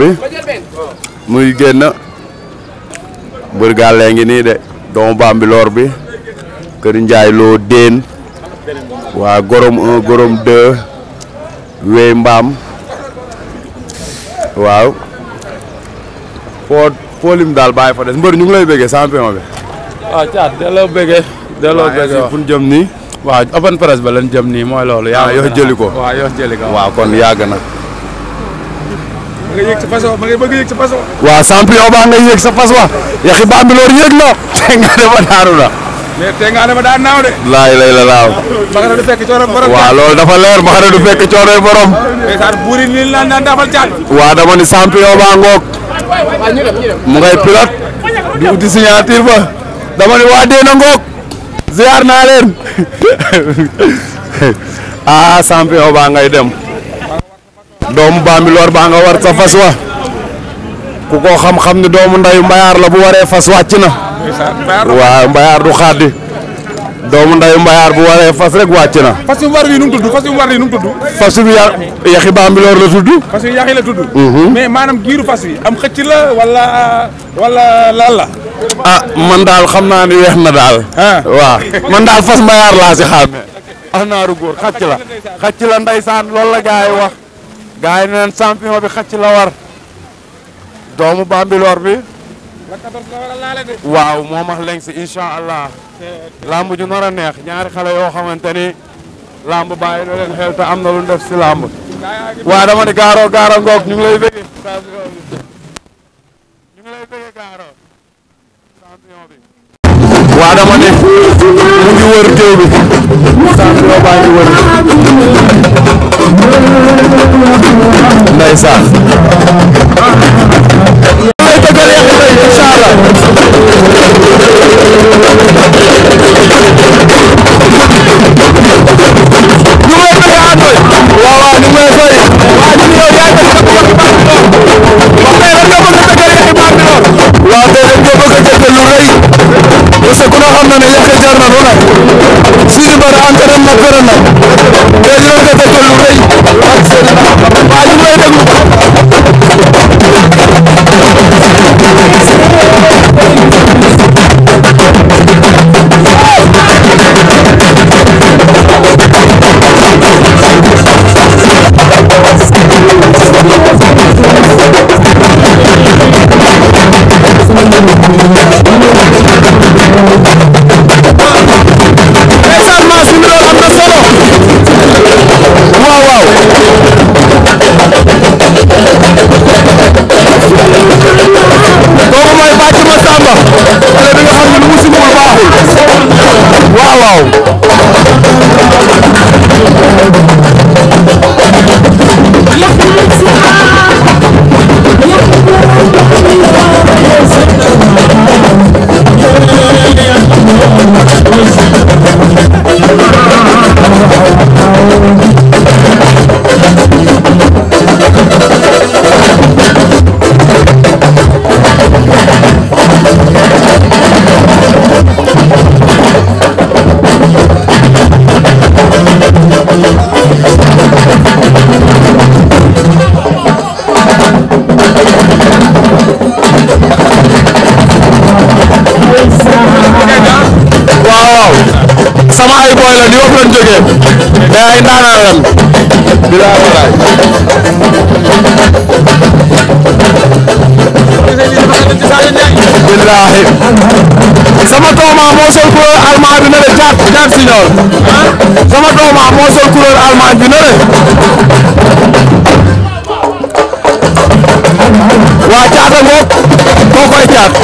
bi muy génn bër gàllee ngi nii de doomu Bambilor bi kër Njaay loo déen waa gorom 1 gorom 2 wéy mbaam waaw foo foo daal bàyyi fa des mbër ñu ngi lay bëggee champion bi waaw ah, caat delloo bëggee delloo bëggee fu jëm nii waaw open press ba lañ jëm nii mooy loolu yaa ah, yoo jëli ko waaw kon yàgg na nga yëg sa fas wa ma nga bëgg yëg sa fas wa. waaw champion ba nga la te nga daanu la. laay lay laaw. mbaxana du dafa leer mbaxana du fekk coono borom. mais sax buuri nii lan mu ngay pilote. di uti ba. dama waa dee na ngoog. ziar naa leen. ah ngay dem. doomu Bambilor baa nga war sa fas wa ku ko xam-xam ni doomu ndayu mbayaar la bu waree fas wàcc na waaw mbayaar du xaddi doomu ndayu mbayaar bu waree fas rek wàcc na fas yu war yi nu mu tudd fas yu war yi nu mu tudd yaxi Bambilor la la tudd mhm. mais maanaam giiru fas yi am xëcc la wala ah man daal xam naa ni weex na daal ah. fas mbayaar la xàcc la ndeysaan gars yi ne leen champion bi xacc la war doomu bambilor bi. waaw moo max leng si incha allah. làmb ju nar a neex ñaari xale yoo xamante ni lamb bàyyi na a xel am na lu def si lamb. waaw dama di gaaro gaaro ngoog ñu lay bëggee. gaaro champion bi. waaw dama ne mu ngi wër géew bi. champion baa ngi wër. ndeysaan mais ay ndaanaan lan bilaay walaay bilaay sama doomaa moo sol couleur almaañ bi ne la jaat jaat si ñool sama doomaa moo sol couleur almaañ bi ne la waa jaata ngoog moo koy jaat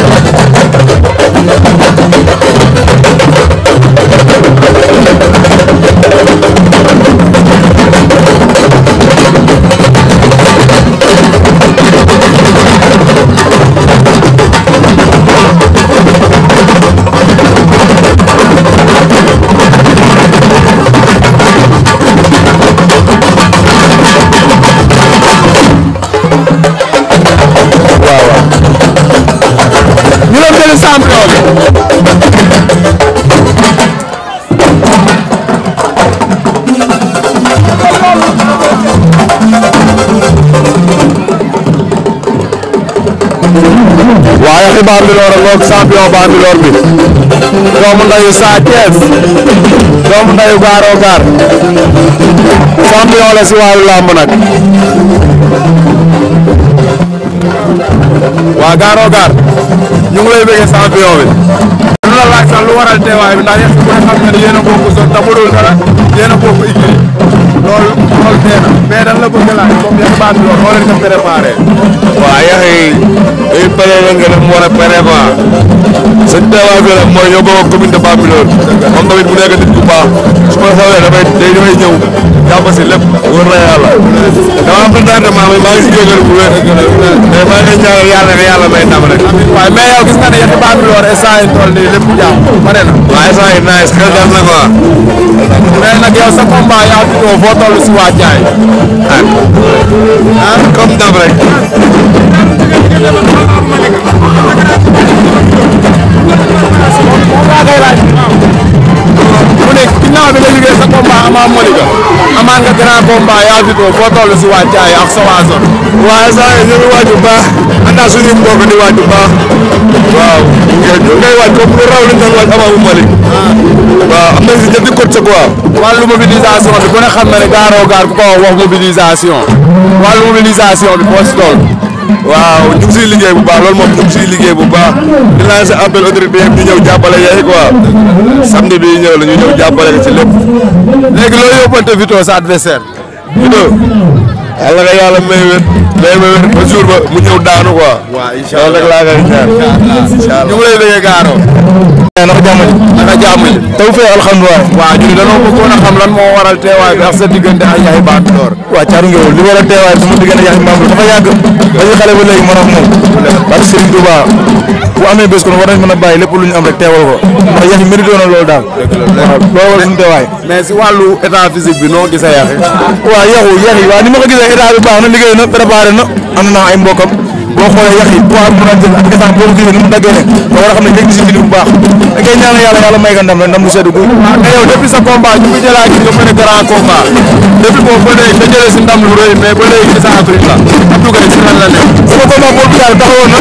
Bambilor a ngoog champion Bambilor bi doomu ndayu Sa Thiès doomu ndayu Garo Gar champion la si nag waa Garo Gar ñu ngi lay bëggee bi. lu la laaj waral teewaay bi ndax yéen a xam ne yéen a bokk zone te bu dul dara nee na mais dañ la bëgg a laaj comme yàq baat bi moo leen ko préparé. waaw yàq yi day paree la nga dem war a paree quoi sëñ teewaay bi nag mooy ñoo bokk commune de Bambilor moom tamit bu nekk nit ku baax su ma xawee damay day damay ñëw jàpp si lépp wër na yàlla dama am retardement mais maa ngi si jógal bu wér mais maa ngi ñaanal yàlla ne yàlla may ndam rek waaw mais yow gis nga ne yàq Bambilor instant yi toll nii lépp jàmm pare na waaw instant yi nice xel dal na quoi mais nag yow sa combat yaa fi ñëw foo toll si waa Jaay waay ah comme dab rek. mu ne ginnaaw bi nga liggéey sa combat Ama Malika nga grand combat yaa fi ko foo si wàccaay ak sa waa zone. waaye saa yu naa suñu mbokk di waaj bu baax waaw ñu ngay waaj comme lu raw liñ doon waaj avant bu ah. waaw am nañ si jëndi cote sa quoi wàllu mobilisation bi ku ne xam na ne gaaroo gaar ku ko wax mobilisation wàllu mobilisation bi foo si waaw ñu liggéey bu baax loolu moom ñu liggéey bu baax di lancer appel autorité yëpp ñu ñëw jàppale yaay quoi samedi bi ñëw la ñu ñëw jàppale ci lépp léegi loo yóbbante Vito sa adversaire Vito yàlla nga yàlla may wér may ma ba jour ba mu daanu quoi. waaw incha ñu ngi lay gaaro naka jàmm ji naka jàmm ji taw fee alhamdulilah waaw ñu dañoo a xam lan moo waral teewaay bi ak sa diggante ak Yaay Bane Door waaw Thiatou Nguéweul li waral teewaay bi sama diggante Yaay Bane Door dafa a moom parce que Serigne Touba a bàyyi lépp lu ñu am rek teewal ko ndax yax yi mérité na loolu daal bi noo gisee yax yi waaw yaxu yax yi waaw ni ma ko gisee état bi baax na liggéey na préparé na am na ay mbokam boo xoolee yàq yi poids bu naan jël ak état boo ko gisee ni mu daggee ne nga war a xam ne léegi si biir bu baax da ngay ñaanal yàlla yàlla may nga ndam rek ndam lu sedd guy. waaw mais yow depuis sa combat ñu ngi jëlaat nga mën a grand combat depuis boobu ba léegi nga jëlee si ndam lu rëy mais ba léegi ci sa Afrique la Abdou Gueye si lan la nekk. sama combat boobu daal taxawoon na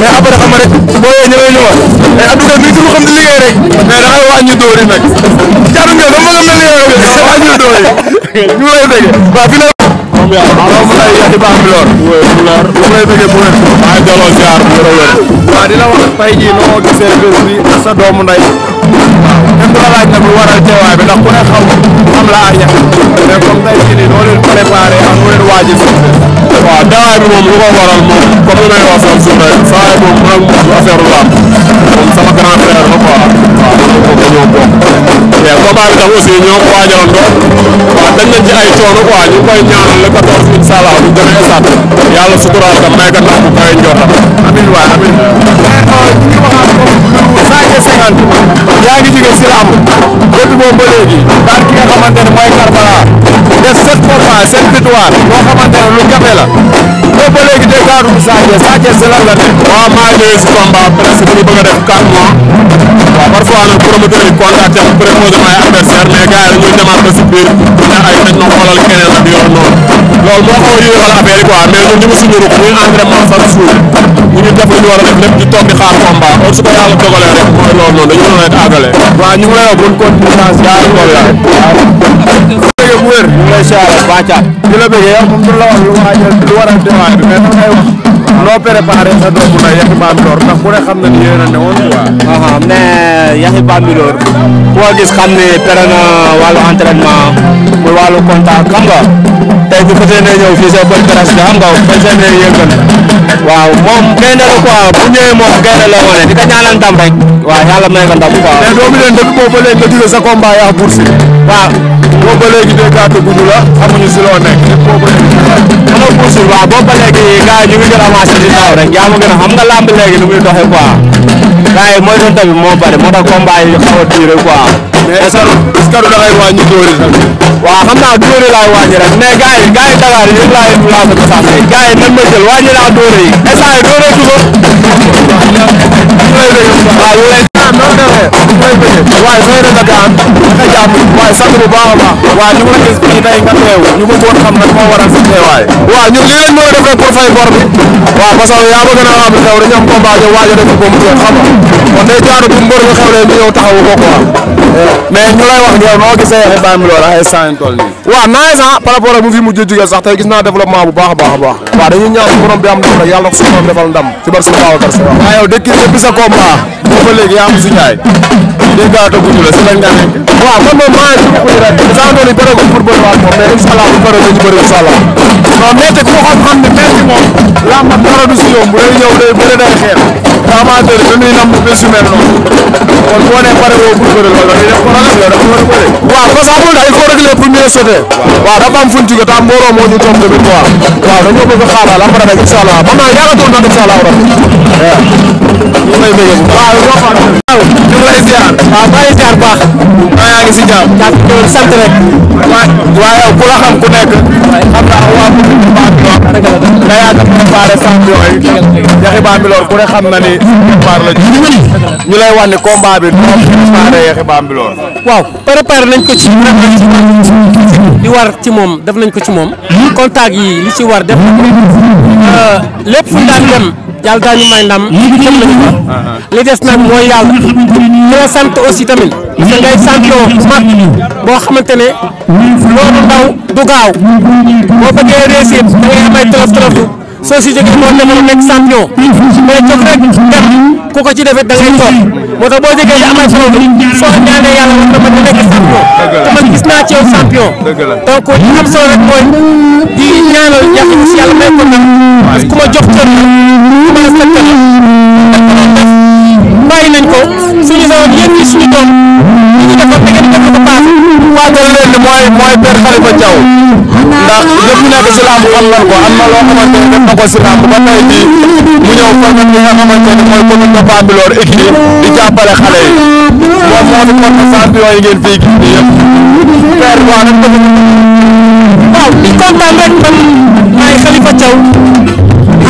mais après xam nga rek boo yee ñëwee ñëwaat mais Abdou Gueye bii tudd xam di liggéey rek mais da ngay wàññi dóor yi nag. jaadu ngeen dama mel ni yow waaw mu lay yati baax mi lor lor mu lay bëggee bu wér maa ngi delloo ziar bu wér a wér waaw di la wax tey jii noo gisee bés bi sa doomu ndey waaw kenn du la laaj nag lu waral teewaay bi ndax ku ne xam am la a ñax mais comme tey jii nii noo leen préparé ak noo leen waaji si waaw teewaay bi moom lu ko waral moom comme li may wax sam suuf rek saa yi moom mu nag moom affaire lu am moom sama grand frère la quoi waaw moom ko ñoo bokk mais combat bi tam aussi ñoo ko waajaloon doon dañ nañ coono quoi ñu koy ñaanal le 14 incha allah bu demee esaat yàlla suturaal ka may ka tax bu koy njottam. amiin waay amiin. yaa ngi jóge si làmb depuis boobu ba daan ki nga xamante ne mooy Karbala des sept combats sept victoires loo xamante ne lu jafe boobu ba léegi déggaatu Sa Thiès Sa Thiès lan la nekk. waaw maa ngi ñëwee si combat presque bu ñu bëgg a def 4 mois. waaw parfois nag promoteur yi contacté ma proposé ma ay adversaire mais gars yi dañuy demaat ba si biir ndax ay nañ ma xoolal keneen loolu moo xaw a yéexal affaire yi quoi ñu ngi suñu rukk muy entraînement ñu ñu war a def lépp di toog xaar combat kon ko yàlla dogalee rek loolu noonu dañu mën a àggale. waaw ñu ngi lay wax bonne bëggee bu wér. ñu ngi lay siyaare baacaat. di la bëggee yow moom du la wax lu waajal lu waral teewaay bi mais dangay wax noo préparé sa doomu na Yaxi Bambilor ndax ku ne xam na ni yéen a ne woon quoi. waaw mais Yaxi Bambilor koo gis xam ne pere na wàllu entraînement muy wàllu contact xam nga tey bu fas yéenee ñëw fii sa bonne presse bi xam nga fas yéenee yëngal waaw moom gaynde la quoi bu ñëwee moom gaynde la wane di ko ñaanal ndam rek waaw yàlla may ko ndam quoi. mais doomu leen dëkk boobu ba léegi nga jóge sa combat yaa bourse waaw. boobu ba léegi déggaate gudd la xamuñu si loo nekk nit boobu rek. mën na puusul waaw boobu ba léegi gars yi ñu ngi jël avancé di naaw rek yaa ma gën a xam nga làmb léegi ni muy doxee quoi gars yi mooy doon tamit moo bëri moo tax combat yi xaw a duré quoi. mais est-ce que est-ce que du dangay wàññi dóori tamit. waaw xam naa dóori laay wàññi rek mais gars yi gars yi Dakar yi yëpp laay laaj ko sax mais gars yi nan ma jël wàññi naa dóori yi. instant yii dóoree du ko. waaw ñu lay waaye mooy bëgg waaye nooy def ak gaan nga jàpp waaye sant bu baax a baax waaye ñu mën a gis fii tey nga teew ñu bëggoon xam nag moo waral sa teewaay waaw ñun lii lañ mën a def rek pour fay bor bi waaw parce que yaa ma gën a xam li xew dañu am combat ñu waaj a def ba mu jeex xam nga kon day jaadu bu mbër bi xewlee ñu ñëw taxawu ko quoi mais ñu lay wax yow noo gisee xibaar mi loolu ay ah instant toll nii waaw nice ah par rapport ak mu fi mujjee jógee sax tey gis naa développement bu baax a baax a baax waaw dañuy ñaan borom bi am ndam rek yàlla ko suñu borom defal ndam ci bar suñu waaw yow dëkk depuis sa combat ba léegi yaa am su ñaay dégg nga te gudd la si lañ nga nekk. waaw man moom maa ngi suñu kuy rek de saa doon bëre ko pour bëri waat moom mais incha allah bu bëree ba ci bëri incha allah. non métti ku xam xam ne métti moom làmb dara du si yomb day ñëw day bëri day xeex. te amateur bi muy nam bi su mel noonu. kon boo nee pare woo pour bëri loolu dañuy def ko ragal yow dafa war a bëri. waaw parce que amul daal il faut régler pour mieux sauter. waaw dafa am fu ñu jógee te am mbooloo moo ñu toog tamit quoi. waaw dañoo bëgg a xaaral am rek incha allah ba maa yaakaaroon na incha allah rabbi waaw. ñu ngi lay bëgg waaw lay ziar. waaye ku la xam ku nekk. xam naa waa bu baax bi wax. nga yàgg ku ne xam na ni départ la ñu lay wax ni combat bi trop préparé Yaxi Bambilor. waaw préparé nañ ko ci. li war ci moom def nañ ko ci moom. Hmm? contact yi li ci war def nañ euh, fu daan dem. yàlla daañu may ndam. li des nag mooy yàlla. dina sant aussi tamit. parce que ngay sant mag boo xamante ne. loolu ndaw du gaaw. boo bëggee réussir da ngay am ay tolof tolof soo si jógee moo demoon nekk champion mais jóg rek dem ku ko ci defee da ngay toog moo tax boo jógee di am ay soo ñaanee yàlla war na a nekk champion te man gis naa ci yow champion. dëgg la donc li di ñaanal yàlla si yàlla may ko nag. parce que ku ma jox cër ma respecté doon def nañ ko suñu zone yéen ñi suñu doom ñu ngi defoon da ngeen def ko paase. waaw loolu mooy mooy Père Khalifa ndax ñëpp ñu nekk si làmb xam nañ ko am na loo ko si làmb ba tey jii mu ñëw format bi nga xamante ne mooy commune de Bambilor équipe di jàppale xale yi moom moo yi ngeen fii gis nii yëpp père waa nag bëgg waaw di kontaan rek man maay Khalifa Thiaw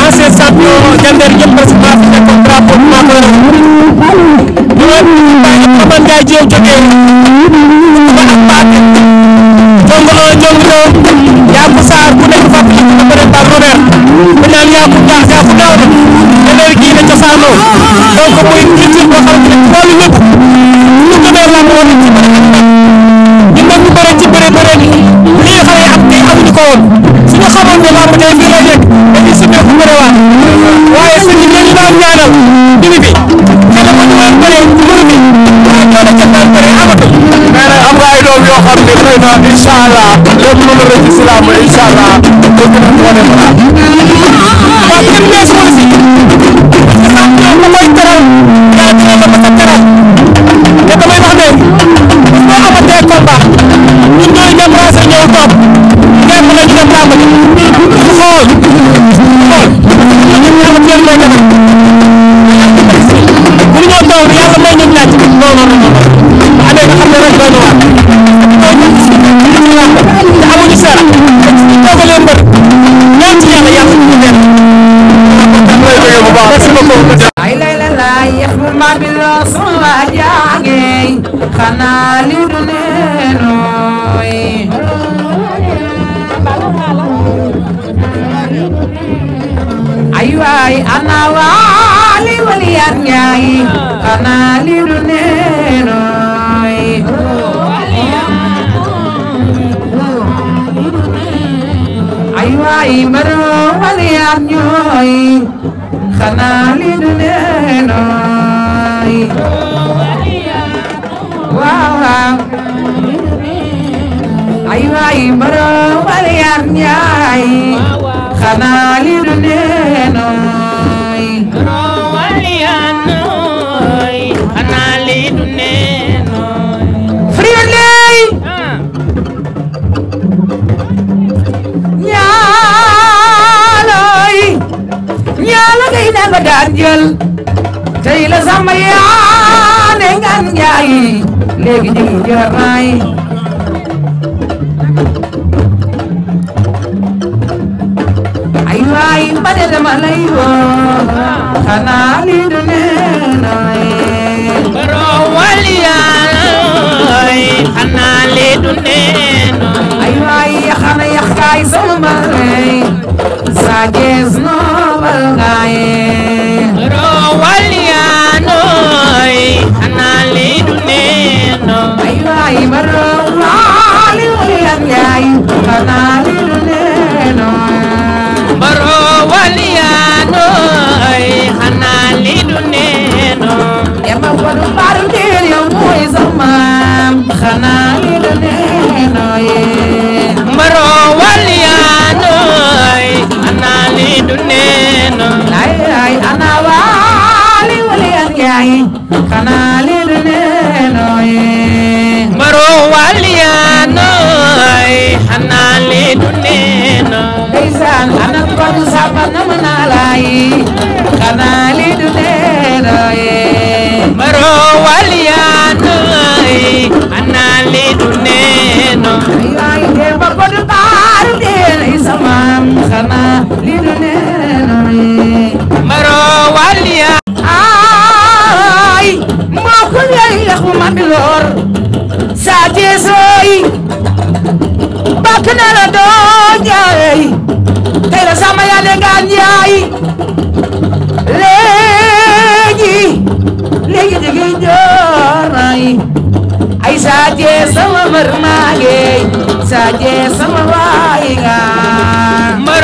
ancien champion jandeer yëpp parce que maa fi nekkoon drapeau bi waay ana waali wali yar njaay xanaa li du neenooy ay waay mbaro wali yar ñooy xanaa li du neenooy waaw waaw ay waay mbaro wali yar njaay xanaa li du nee nooy roowali yaa nooy xanaa li du nee nooy friwley ñaalooy ñaala gay na nga daan jël tey la sama yaane ngan ñaayi léegi jëgi jër naay de dama lay woo xanaa lii du neen baroo wali yaay xanaa lii du neen ay waay yaxana yax kaay sama baray saa gees noo balgaay baroo wali yaanooy xanaa lii du neen ay waay baroo wali wali yaay xanaa xanaa li la nee nooye mbaroo wàll yaa nooy ana li du nee nooy ay ay ana waali wali yan gaayi xanaa sama li du nenoni maro waliya ay moo ko lay yaxu ma bi lor saa jeesooy bakk na la doo jaay tey la sama yaa de ngaan jaay léegi léegi ay saa jees mër maa ngeey saa jees sama waay ngaa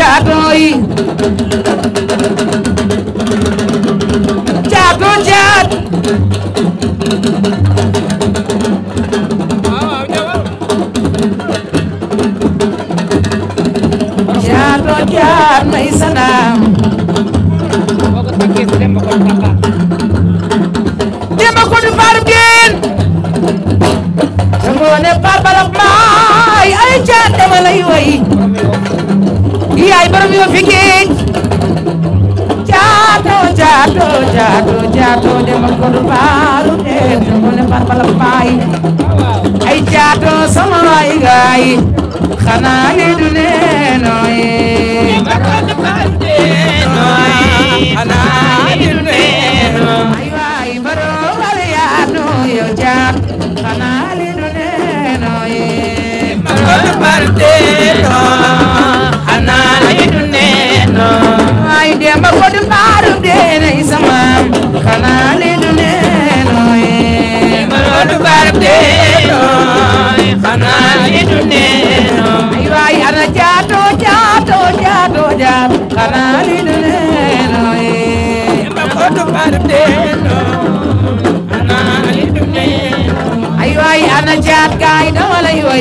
caato yi caato caat caato caat may sanaam demba ko du faar geen te ngoone faar balax maay ay caat dama lay way yaay borom yoo fi géej jaato jaato jaato jaato dem ak kodu baalu dem ko ne par bala baay ay jaato sama waay gaay xanaa li du nee nooy xanaa li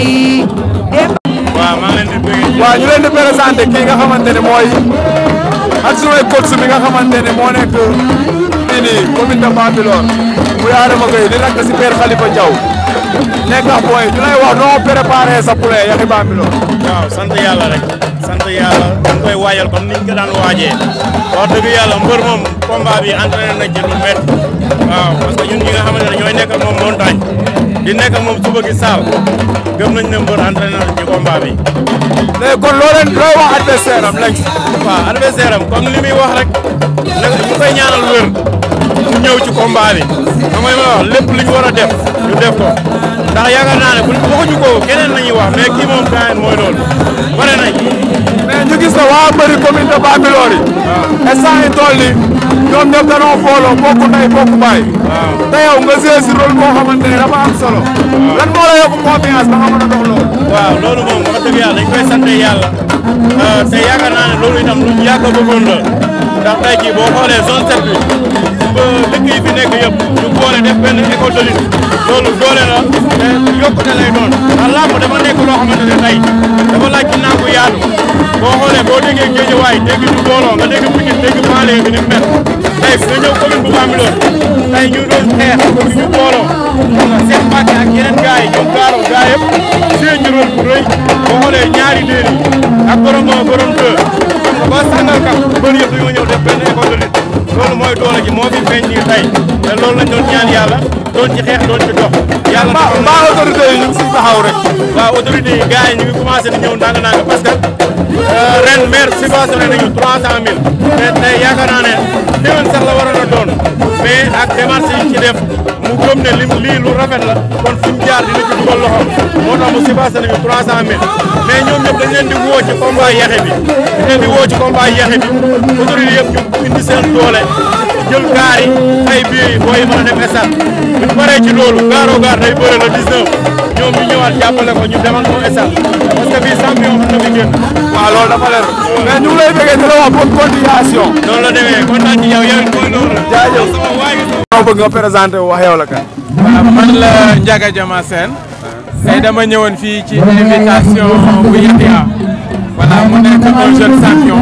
mooy. waaw maa leen di bëgg. waaw ñu leen di présenté kii nga xamante ne mooy adjoint coach mi nga xamante ne moo nekk fii nii commune de Bambilor muy Adama Gueye di lakk si père Khalifa Diaw nekk booy ñu lay wax noo préparé sa poulet Yakhya Bambilor. waaw sant yàlla rek sant yàlla dañ koy waajal comme niñ daan waajee wax dëgg yàlla mbër moom combat bi entraîné na ci lu métti waaw parce ñun ñi nga xamante ne ñooy nekk moom montagne. di nekk moom suba gi saaw gëm ne mbër entraîneur ci combat bi. léegi kon loo leen loo wax adversaire am léegi. waaw adversaire am comme li muy wax rek nag mu koy ñaanal wér mu ñëw ci combat bi xam nga li ma wax lu def ko ndax yaakaar naa ne bu waxuñu ko keneen nañuy wax mais kii moom gaañ loolu bare nañ. mais ñu gis ne waa bëri yi. waaw instant yi tool yi. ñoom ñëpp danoo booloo bokku ndey bokku baay. te yow nga joué si rôle boo xamante ne dafa am solo. lan moo la yokk confiance ba nga mën a dox loolu. waaw loolu moom wax dëgg yàlla dañ koy sant yàlla euh, te yaakaar naa loolu itam lu ñu yàgg a la ndax tey boo xoolee zone 7 bi ba dëkk yi nekk yëpp ñu boole def benn école loolu doole la te yokkute lay doon ndax làmb dafa nekk loo xamante ne tey dafa laaj bu yaatu. boo xoolee boo déggee Géejawaay dégg ñu booloo nga dégg Pikine dégg Palais bi ni mu mel tey nga ñëw commune bu Bambilor tey ñu doon xeex pour ñu booloo seen ak yeneen gars yi ñoom Kaaroo gars yëpp seen bu rëy boo xoolee ñaari déer ak borom borom deux ba Sangalkam bëri yëpp dañoo ñëw def benn école de lutte loolu mooy doole ji moo fi feeñ nii tey te loolu lañ doon ñaan doon ci xeex doon ci dox. yàlla mbaa mbaa autorité yi ñu ngi siy taxaw rek. waaw autorité yi gars yi ñu ngi commencé di ñëw ndànk euh, ren maire subventionné nañu te tey yaakaar naa ne déwén sax la a doon mais ak démarche yi ci def mu gëm ne lim lii rafet la kon fi jaar dina ci dugal loxo moo tax mu subventionné nañu trois cent mille mais ñoom di woo ci combat bi dañ leen di indi seen doole jël gaari fay bi booy mën a dem ñu paree ci loolu Garo Gare day bëre le 19 ñoom ñu ñëwaat jàppale ko ñu demal ko stade parce que fii champion mën na fi génn. dafa leer mais ñu lay déggee di la wax bonne continuation. noonu la demee kontaan ci yow yow it mooy loolu la. jaajëf sama waay gi. maa bëgg nga présenté wax yow la man la Ndiaga Diama Sène. tey dama fii ci invitation bu Yatia. voilà mu nekk un jeune champion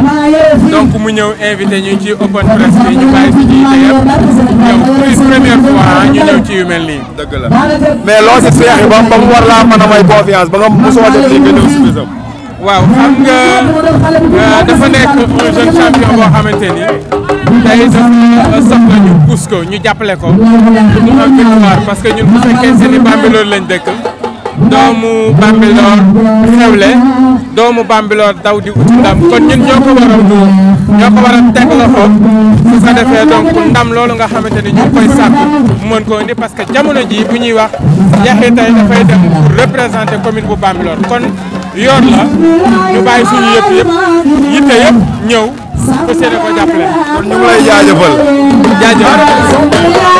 donc mu ñëw invité ñu ci open press bi ñu bàyyi si jiite yëpp yow plus première fois ah, ñu ñëw ci yu mel nii. dëgg la mais loo si seex ba ba mu war laa mën a may confiance ba nga mosoo def lii nga ñëw si bisam. waaw xam nga euh, dafa nekk un jeune champion boo xamante ni tey dafa euh, soxla ñu pousse ko ñu jàppale ko pour mu am parce que ñun bu fekkee seen i Bambilor lañ dëkk. doomu Bambilor xewle doomu Bambilor daw di ut ndam kon ñun ñoo ko war a dóor ñoo ko a teg loxo su ko defee donc ndam loolu nga xamante ni ñu ngi koy sàkku mën indi parce que jamono ji bu ñuy wax Yaxya Tay dafay dem pour représenter commune bu Bambilor kon yoon la ñu bàyyi suñu yëpp yëpp yitte yëpp ñëw fas yéene ko jàppale kon ñu ngi lay jaajëfal jaajëfal